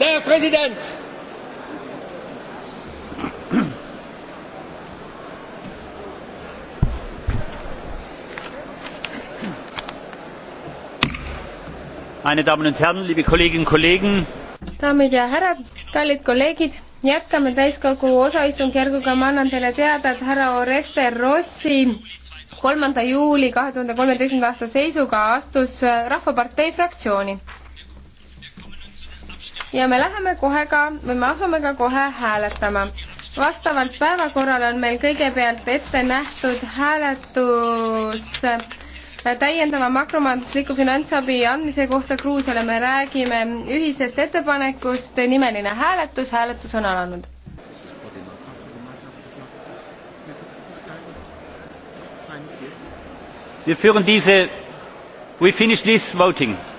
Der Präsident! Meine Damen und Herren, liebe Kolleginnen und Kollegen! daamid ja härrad, kallid kolleegid, jätkame täiskogu osaistungjärguga, ma annan teile teada, et härra Oreste Rossi kolmanda juuli kahe tuhande kolmeteistkümnenda aasta seisuga astus Rahvapartei fraktsiooni ja me läheme kohe ka või me asume ka kohe hääletama. vastavalt päevakorrale on meil kõigepealt ette nähtud hääletus täiendava makromajandusliku finantsabi andmise kohta Gruusiale me räägime ühisest ettepanekust, nimeline hääletus, hääletus on alanud. Wir führen diese, we finish this voting.